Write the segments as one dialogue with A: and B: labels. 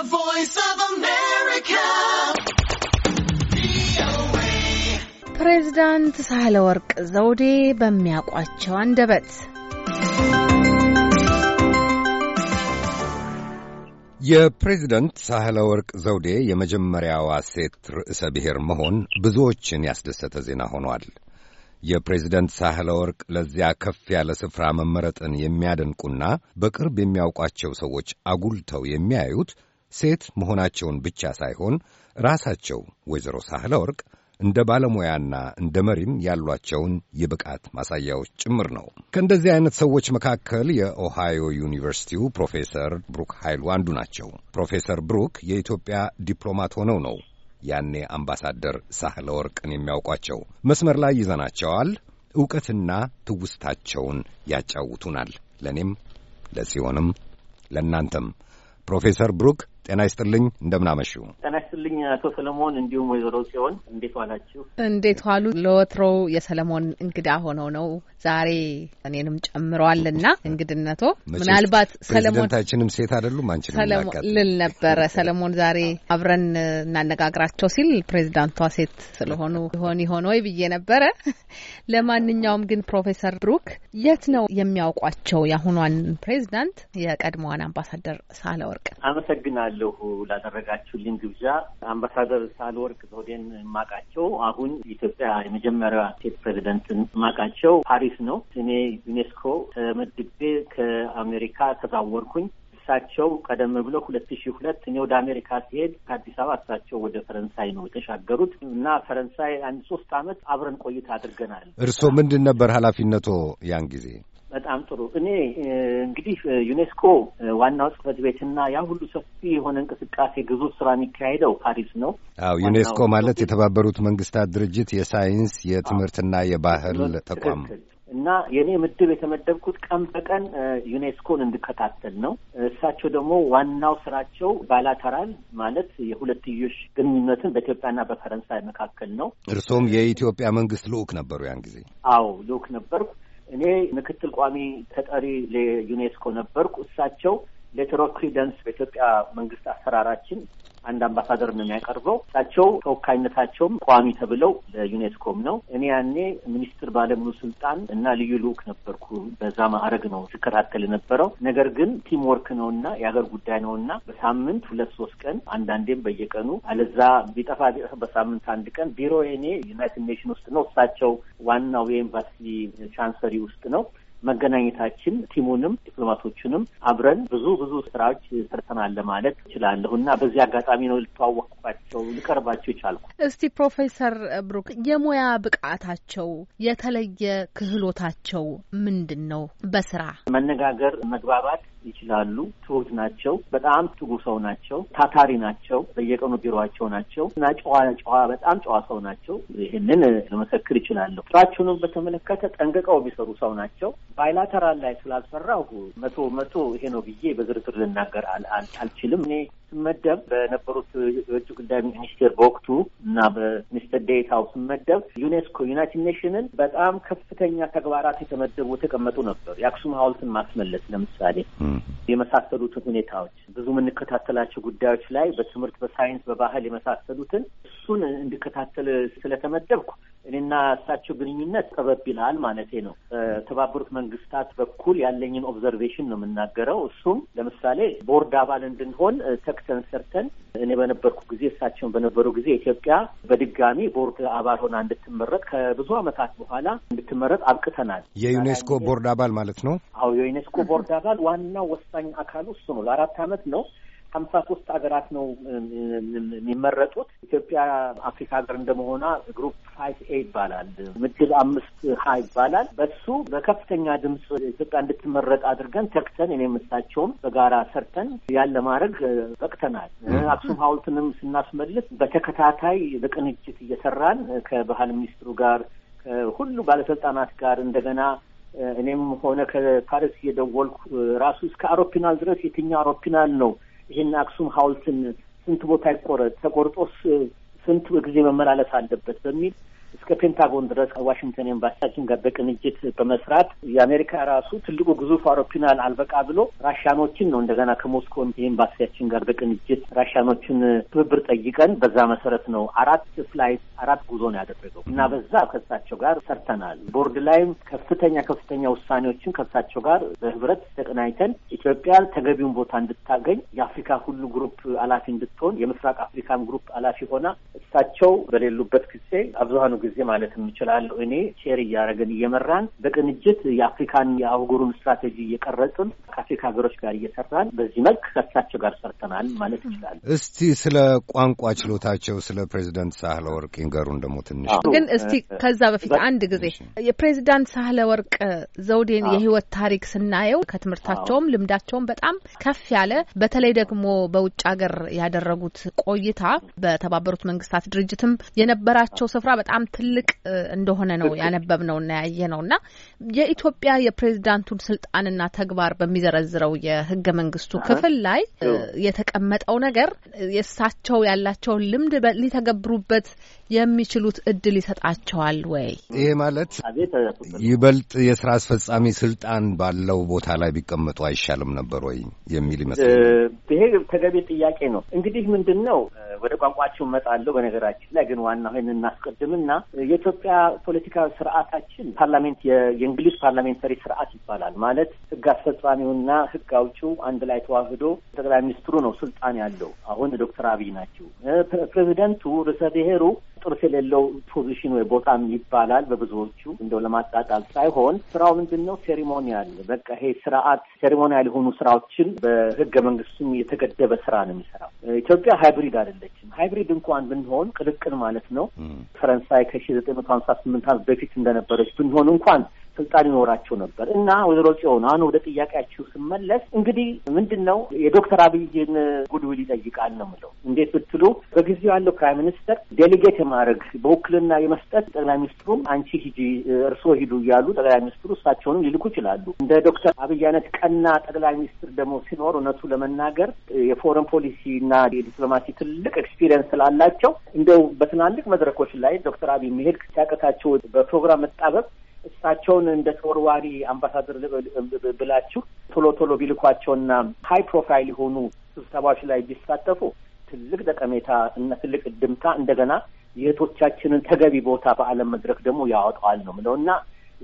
A: The Voice of America. ሳህለ ወርቅ ዘውዴ በሚያውቋቸው አንደበት
B: የፕሬዝደንት ሳህለ ወርቅ ዘውዴ የመጀመሪያዋ ሴት ርዕሰ ብሔር መሆን ብዙዎችን ያስደሰተ ዜና ሆኗል። የፕሬዝደንት ሳህለ ወርቅ ለዚያ ከፍ ያለ ስፍራ መመረጥን የሚያደንቁና በቅርብ የሚያውቋቸው ሰዎች አጉልተው የሚያዩት ሴት መሆናቸውን ብቻ ሳይሆን ራሳቸው ወይዘሮ ሳህለ ወርቅ እንደ ባለሙያና እንደ መሪም ያሏቸውን የብቃት ማሳያዎች ጭምር ነው። ከእንደዚህ አይነት ሰዎች መካከል የኦሃዮ ዩኒቨርሲቲው ፕሮፌሰር ብሩክ ኃይሉ አንዱ ናቸው። ፕሮፌሰር ብሩክ የኢትዮጵያ ዲፕሎማት ሆነው ነው ያኔ አምባሳደር ሳህለ ወርቅን የሚያውቋቸው። መስመር ላይ ይዘናቸዋል። እውቀትና ትውስታቸውን ያጫውቱናል። ለእኔም ለሲሆንም ለእናንተም ፕሮፌሰር ብሩክ ጤና ይስጥልኝ፣ እንደምናመሹ።
C: ጤና ይስጥልኝ አቶ ሰለሞን እንዲሁም ወይዘሮ ሲሆን እንዴት ዋላችሁ?
A: እንዴት ዋሉ? ለወትሮው የሰለሞን እንግዳ ሆነው ነው ዛሬ እኔንም ጨምረዋል እና እንግድነቶ ምናልባት
B: ሰለሞንታችንም ሴት አይደሉም አንቺ
A: ልል ነበረ። ሰለሞን ዛሬ አብረን እናነጋግራቸው ሲል ፕሬዚዳንቷ ሴት ስለሆኑ ይሆን ይሆን ወይ ብዬ ነበረ። ለማንኛውም ግን ፕሮፌሰር ብሩክ የት ነው የሚያውቋቸው የአሁኗን ፕሬዚዳንት የቀድሞዋን አምባሳደር ሳለወርቅ
C: አመሰግናለሁ። አመሰግናለሁ ላደረጋችሁልኝ ግብዣ። አምባሳደር ሳህለወርቅ ዘውዴን ማቃቸው አሁን ኢትዮጵያ የመጀመሪያ ሴት ፕሬዚደንትን ማቃቸው ፓሪስ ነው። እኔ ዩኔስኮ ተመድቤ ከአሜሪካ ተዛወርኩኝ። እሳቸው ቀደም ብሎ ሁለት ሺህ ሁለት እኔ ወደ አሜሪካ ሲሄድ ከአዲስ አበባ እሳቸው ወደ ፈረንሳይ ነው የተሻገሩት እና ፈረንሳይ አንድ ሶስት አመት አብረን ቆይታ አድርገናል።
B: እርስዎ ምንድን ነበር ኃላፊነቶ ያን ጊዜ?
C: በጣም ጥሩ። እኔ እንግዲህ ዩኔስኮ ዋናው ጽህፈት ቤትና ያ ሁሉ ሰፊ የሆነ እንቅስቃሴ ግዙፍ ስራ የሚካሄደው ፓሪስ ነው።
B: አዎ ዩኔስኮ ማለት የተባበሩት መንግስታት ድርጅት የሳይንስ የትምህርትና የባህል ተቋም
C: እና የእኔ ምድብ የተመደብኩት ቀን በቀን ዩኔስኮን እንድከታተል ነው። እሳቸው ደግሞ ዋናው ስራቸው ባይላተራል ማለት የሁለትዮሽ ግንኙነትን በኢትዮጵያና በፈረንሳይ መካከል ነው።
B: እርሶም የኢትዮጵያ መንግስት ልዑክ ነበሩ ያን ጊዜ?
C: አዎ ልዑክ ነበርኩ። እኔ ምክትል ቋሚ ተጠሪ ለዩኔስኮ ነበርኩ። እሳቸው ሌተር ኦፍ ክሪደንስ በኢትዮጵያ መንግስት አሰራራችን አንድ አምባሳደር ነው የሚያቀርበው። እሳቸው ተወካይነታቸውም ቋሚ ተብለው ለዩኔስኮም ነው። እኔ ያኔ ሚኒስትር ባለሙሉ ስልጣን እና ልዩ ልዑክ ነበርኩ። በዛ ማዕረግ ነው ስከታተል የነበረው። ነገር ግን ቲም ወርክ ነው እና የሀገር ጉዳይ ነው እና በሳምንት ሁለት ሶስት ቀን አንዳንዴም በየቀኑ አለዛ ቢጠፋ በሳምንት አንድ ቀን ቢሮ እኔ ዩናይትድ ኔሽን ውስጥ ነው፣ እሳቸው ዋናው የኤምባሲ ቻንሰሪ ውስጥ ነው። መገናኘታችን ቲሙንም ዲፕሎማቶቹንም አብረን ብዙ ብዙ ስራዎች ሰርተናል ለማለት እችላለሁ እና በዚህ አጋጣሚ ነው ልተዋወቅባቸው ልቀርባቸው ይቻልኩ።
A: እስቲ ፕሮፌሰር ብሩክ የሙያ ብቃታቸው የተለየ ክህሎታቸው ምንድን ነው? በስራ
C: መነጋገር፣ መግባባት ይችላሉ። ትሁት ናቸው። በጣም ትጉ ሰው ናቸው። ታታሪ ናቸው። በየቀኑ ቢሮቸው ናቸው እና ጨዋ ጨዋ በጣም ጨዋ ሰው ናቸው። ይህንን ለመሰክር ይችላለሁ። ስራችሁንም በተመለከተ ጠንቅቀው የሚሰሩ ሰው ናቸው። ባይላተራል ላይ ስላልሰራሁ መቶ መቶ ይሄ ነው ብዬ በዝርዝር ልናገር አልችልም እኔ ስመደብ በነበሩት የውጭ ጉዳይ ሚኒስቴር በወቅቱ እና በሚኒስትር ዴታው ስመደብ ዩኔስኮ ዩናይትድ ኔሽንን በጣም ከፍተኛ ተግባራት የተመደቡ የተቀመጡ ነበሩ። የአክሱም ሐውልትን ማስመለስ ለምሳሌ የመሳሰሉትን ሁኔታዎች ብዙ የምንከታተላቸው ጉዳዮች ላይ በትምህርት፣ በሳይንስ፣ በባህል የመሳሰሉትን እሱን እንድከታተል ስለተመደብኩ እኔና እሳቸው ግንኙነት ጠበብ ይላል ማለቴ ነው። በተባበሩት መንግስታት በኩል ያለኝን ኦብዘርቬሽን ነው የምናገረው። እሱም ለምሳሌ ቦርድ አባል እንድንሆን ተክተን ሰርተን እኔ በነበርኩ ጊዜ እሳቸውን በነበሩ ጊዜ ኢትዮጵያ በድጋሚ ቦርድ አባል ሆና እንድትመረጥ ከብዙ ዓመታት በኋላ እንድትመረጥ አብቅተናል።
B: የዩኔስኮ ቦርድ አባል ማለት ነው።
C: አዎ የዩኔስኮ ቦርድ አባል ዋናው ወሳኝ አካሉ እሱ ነው። ለአራት ዓመት ነው ሀምሳ ሶስት ሀገራት ነው የሚመረጡት። ኢትዮጵያ አፍሪካ ሀገር እንደመሆኗ ግሩፕ ፋይቭ ኤ ይባላል፣ ምድብ አምስት ሀ ይባላል። በሱ በከፍተኛ ድምፅ ኢትዮጵያ እንድትመረጥ አድርገን ተክተን እኔ እሳቸውም በጋራ ሰርተን ያን ለማድረግ በቅተናል። አክሱም ሀውልትንም ስናስመልስ በተከታታይ በቅንጅት እየሰራን ከባህል ሚኒስትሩ ጋር ከሁሉ ባለስልጣናት ጋር እንደገና እኔም ሆነ ከፓሪስ እየደወልኩ ራሱ እስከ አውሮፕላን ድረስ የትኛው አውሮፕላን ነው ይህን አክሱም ሐውልትን ስንት ቦታ ይቆረጥ ተቆርጦስ ስንት ጊዜ መመላለስ አለበት በሚል እስከ ፔንታጎን ድረስ ከዋሽንግተን ኤምባሲያችን ጋር በቅንጅት በመስራት የአሜሪካ ራሱ ትልቁ ግዙፍ አውሮፕላን አልበቃ ብሎ ራሽያኖችን ነው እንደገና ከሞስኮ ኤምባሲያችን ጋር በቅንጅት ራሽያኖችን ትብብር ጠይቀን በዛ መሰረት ነው አራት ፍላይት አራት ጉዞ ነው ያደረገው እና በዛ ከሳቸው ጋር ሰርተናል። ቦርድ ላይም ከፍተኛ ከፍተኛ ውሳኔዎችን ከሳቸው ጋር በህብረት ተቀናይተን ኢትዮጵያ ተገቢውን ቦታ እንድታገኝ የአፍሪካ ሁሉ ግሩፕ አላፊ እንድትሆን የምስራቅ አፍሪካም ግሩፕ አላፊ ሆና እሳቸው በሌሉበት ጊዜ አብዛሃኑ ጊዜ ማለት የምችላለሁ እኔ ሼር እያደረግን እየመራን በቅንጅት የአፍሪካን የአህጉሩን ስትራቴጂ እየቀረጽን ከአፍሪካ ሀገሮች ጋር እየሰራን በዚህ መልክ ከሳቸው ጋር ሰርተናል ማለት ይችላል።
B: እስቲ ስለ ቋንቋ ችሎታቸው ስለ ፕሬዚደንት ሳህለ ወርቅ ይንገሩን ደግሞ ትንሽ ግን እስቲ ከዛ
A: በፊት አንድ ጊዜ የፕሬዚዳንት ሳህለ ወርቅ ዘውዴን የህይወት ታሪክ ስናየው ከትምህርታቸውም ልምዳቸውም በጣም ከፍ ያለ በተለይ ደግሞ በውጭ ሀገር ያደረጉት ቆይታ በተባበሩት መንግስታት ድርጅትም የነበራቸው ስፍራ በጣም ትልቅ እንደሆነ ነው ያነበብ ነው እና ያየ ነው እና የኢትዮጵያ የፕሬዚዳንቱን ስልጣንና ተግባር በሚዘረዝረው የህገ መንግስቱ ክፍል ላይ የተቀመጠው ነገር የእሳቸው ያላቸውን ልምድ ሊተገብሩበት የሚችሉት እድል ይሰጣቸዋል ወይ?
B: ይሄ ማለት ይበልጥ የስራ አስፈጻሚ ስልጣን ባለው ቦታ ላይ ቢቀመጡ አይሻልም ነበር ወይ የሚል ይመስላል።
C: ይሄ ተገቢ ጥያቄ ነው። እንግዲህ ምንድን ነው ወደ ቋንቋቸው እመጣለሁ። በነገራችን ላይ ግን ዋናው ይሄን እናስቀድምና የኢትዮጵያ ፖለቲካ ስርዓታችን ፓርላሜንት የእንግሊዝ ፓርላሜንታሪ ስርዓት ይባላል። ማለት ህግ አስፈጻሚውና ህግ አውጪው አንድ ላይ ተዋህዶ ጠቅላይ ሚኒስትሩ ነው ስልጣን ያለው። አሁን ዶክተር አብይ ናቸው። ፕሬዚደንቱ ርዕሰ ብሔሩ ጥርስ የሌለው ፖዚሽን ወይ ቦታም ይባላል በብዙዎቹ እንደው ለማጣጣል ሳይሆን ስራው ምንድን ነው? ሴሪሞኒያል በቃ ይሄ ስርዓት ሴሪሞኒያል የሆኑ ስራዎችን በህገ መንግስቱም የተገደበ ስራ ነው የሚሰራው። ኢትዮጵያ ሃይብሪድ አይደለችም። ሃይብሪድ እንኳን ብንሆን ቅልቅል ማለት ነው። ፈረንሳይ ከሺ ዘጠኝ መቶ ሀምሳ ስምንት ዓመት በፊት እንደነበረች ብንሆን እንኳን ስልጣን ይኖራቸው ነበር እና ወይዘሮ ጽዮን አሁን ወደ ጥያቄያችሁ ስመለስ እንግዲህ ምንድን ነው የዶክተር አብይን ጉድዊል ይጠይቃል ነው ምለው እንዴት ብትሉ በጊዜው ያለው ፕራይም ሚኒስተር ዴሊጌት የማድረግ በውክልና የመስጠት ጠቅላይ ሚኒስትሩም አንቺ ሂጂ፣ እርስዎ ሂዱ እያሉ ጠቅላይ ሚኒስትሩ እሳቸውንም ሊልኩ ይችላሉ። እንደ ዶክተር አብይ አይነት ቀና ጠቅላይ ሚኒስትር ደግሞ ሲኖር እውነቱ ለመናገር የፎረን ፖሊሲ እና የዲፕሎማሲ ትልቅ ኤክስፒሪየንስ ስላላቸው እንደው በትላልቅ መድረኮች ላይ ዶክተር አብይ መሄድ ሲያቀታቸው በፕሮግራም መጣበብ እሳቸውን እንደ ተወርዋሪ አምባሳደር ብላችሁ ቶሎ ቶሎ ቢልኳቸውና ሀይ ፕሮፋይል የሆኑ ስብሰባዎች ላይ ቢሳተፉ ትልቅ ጠቀሜታ እና ትልቅ ድምታ እንደገና የእህቶቻችንን ተገቢ ቦታ በዓለም መድረክ ደግሞ ያወጣዋል ነው ምለው እና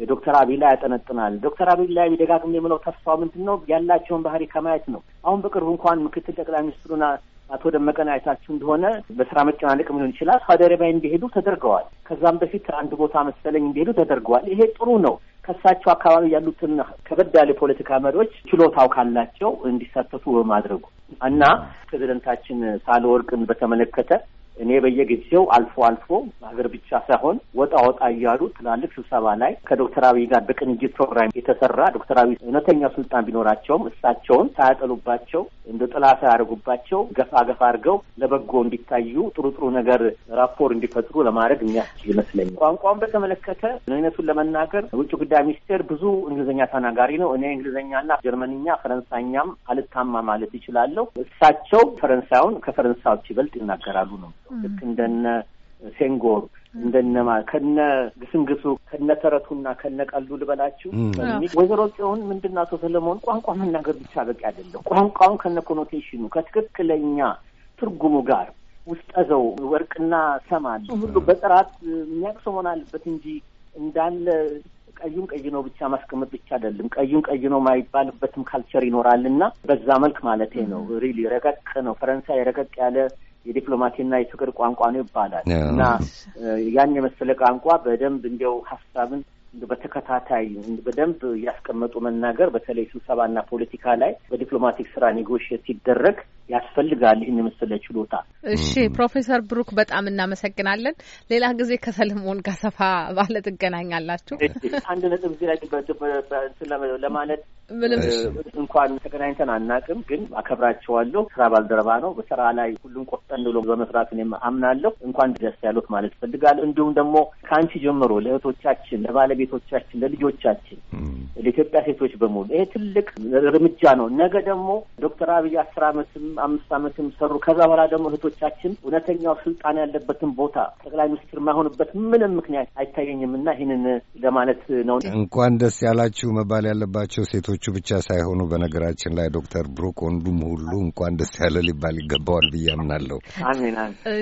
C: የዶክተር አብይ ላይ ያጠነጥናል። ዶክተር አብይ ላይ ደጋግሜ የምለው ተስፋ ምንድን ነው ያላቸውን ባህሪ ከማየት ነው። አሁን በቅርቡ እንኳን ምክትል ጠቅላይ ሚኒስትሩና አቶ ደመቀን አይታችሁ እንደሆነ በስራ መጨናነቅ ሊሆን ይችላል ሳውዲ አረቢያ እንዲሄዱ ተደርገዋል። ከዛም በፊት አንድ ቦታ መሰለኝ እንዲሄዱ ተደርገዋል። ይሄ ጥሩ ነው። ከሳቸው አካባቢ ያሉትን ከበድ ያለ የፖለቲካ መሪዎች ችሎታው ካላቸው እንዲሳተፉ በማድረጉ እና ፕሬዚደንታችን ሳህለወርቅን በተመለከተ እኔ በየጊዜው አልፎ አልፎ ሀገር ብቻ ሳይሆን ወጣ ወጣ እያሉ ትላልቅ ስብሰባ ላይ ከዶክተር አብይ ጋር በቅንጅት ፕሮግራም የተሰራ ዶክተር አብይ እውነተኛ ስልጣን ቢኖራቸውም እሳቸውን ሳያጠሉባቸው እንደ ጥላ ሳያደርጉባቸው ገፋ ገፋ አድርገው ለበጎ እንዲታዩ ጥሩ ጥሩ ነገር ራፖር እንዲፈጥሩ ለማድረግ የሚያስችል ይመስለኛል። ቋንቋውን በተመለከተ እውነቱን ለመናገር ውጭ ጉዳይ ሚኒስቴር ብዙ እንግሊዝኛ ተናጋሪ ነው። እኔ እንግሊዝኛና ጀርመንኛ ፈረንሳይኛም አልታማ ማለት ይችላለሁ። እሳቸው ፈረንሳዩን ከፈረንሳዮች ይበልጥ ይናገራሉ ነው ልክ እንደነ ሴንጎር እንደነማ ከነ ግስንግሱ ከነ ተረቱና ከነ ቀልዱ ልበላችሁ ወይዘሮ ጽዮን ምንድን አቶ ሰለሞን ቋንቋ መናገር ብቻ በቂ አይደለም። ቋንቋውን ከነ ኮኖቴሽኑ ከትክክለኛ ትርጉሙ ጋር ውስጠ ዘው ወርቅና ሰማል ሁሉ በጥራት የሚያቅሰው መሆን አለበት እንጂ እንዳለ ቀዩን ቀይ ነው ብቻ ማስቀመጥ ብቻ አይደለም። ቀዩን ቀይ ነው ማይባልበትም ካልቸር ይኖራልና በዛ መልክ ማለት ነው። ሪሊ ረቀቅ ነው። ፈረንሳይ ረቀቅ ያለ የዲፕሎማሲና የፍቅር ቋንቋ ነው ይባላል እና ያን የመሰለ ቋንቋ በደንብ እንዲያው ሀሳብን በተከታታይ በደንብ እያስቀመጡ መናገር በተለይ ስብሰባና ፖለቲካ ላይ በዲፕሎማቲክ ስራ ኔጎሽት ሲደረግ ያስፈልጋል ይህን የመሰለ
A: ችሎታ። እሺ ፕሮፌሰር ብሩክ በጣም እናመሰግናለን። ሌላ ጊዜ ከሰለሞን ጋር ሰፋ ባለ ትገናኛላችሁ።
C: አንድ ነጥብ እዚህ ላይ ለማለት እንኳን ተገናኝተን አናውቅም፣ ግን አከብራቸዋለሁ። ስራ ባልደረባ ነው። በስራ ላይ ሁሉም ቆፍጠን ብሎ በመስራት እኔም አምናለሁ። እንኳን ደስ ያሉት ማለት ይፈልጋል። እንዲሁም ደግሞ ከአንቺ ጀምሮ ለእህቶቻችን፣ ለባለቤቶቻችን፣ ለልጆቻችን፣ ለኢትዮጵያ ሴቶች በሙሉ ይሄ ትልቅ እርምጃ ነው። ነገ ደግሞ ዶክተር አብይ አስር አመትም አምስት አመትም ሰሩ። ከዛ በኋላ ደግሞ እህቶቻችን እውነተኛው ስልጣን ያለበትን ቦታ ጠቅላይ ሚኒስትር የማይሆኑበት ምንም ምክንያት አይታየኝም እና ይህንን ለማለት ነው።
B: እንኳን ደስ ያላችሁ መባል ያለባቸው ሴቶች ተማሪዎቹ ብቻ ሳይሆኑ በነገራችን ላይ ዶክተር ብሩክ ወንዱም ሁሉ እንኳን ደስ ያለ ሊባል ይገባዋል ብዬ አምናለሁ።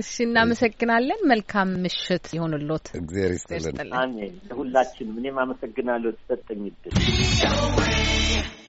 A: እሺ፣ እናመሰግናለን። መልካም ምሽት ይሆንሎት።
B: እግዜር
C: ይስጥልን። አሜን። ሁላችንም እኔም አመሰግናለሁ ተሰጠኝ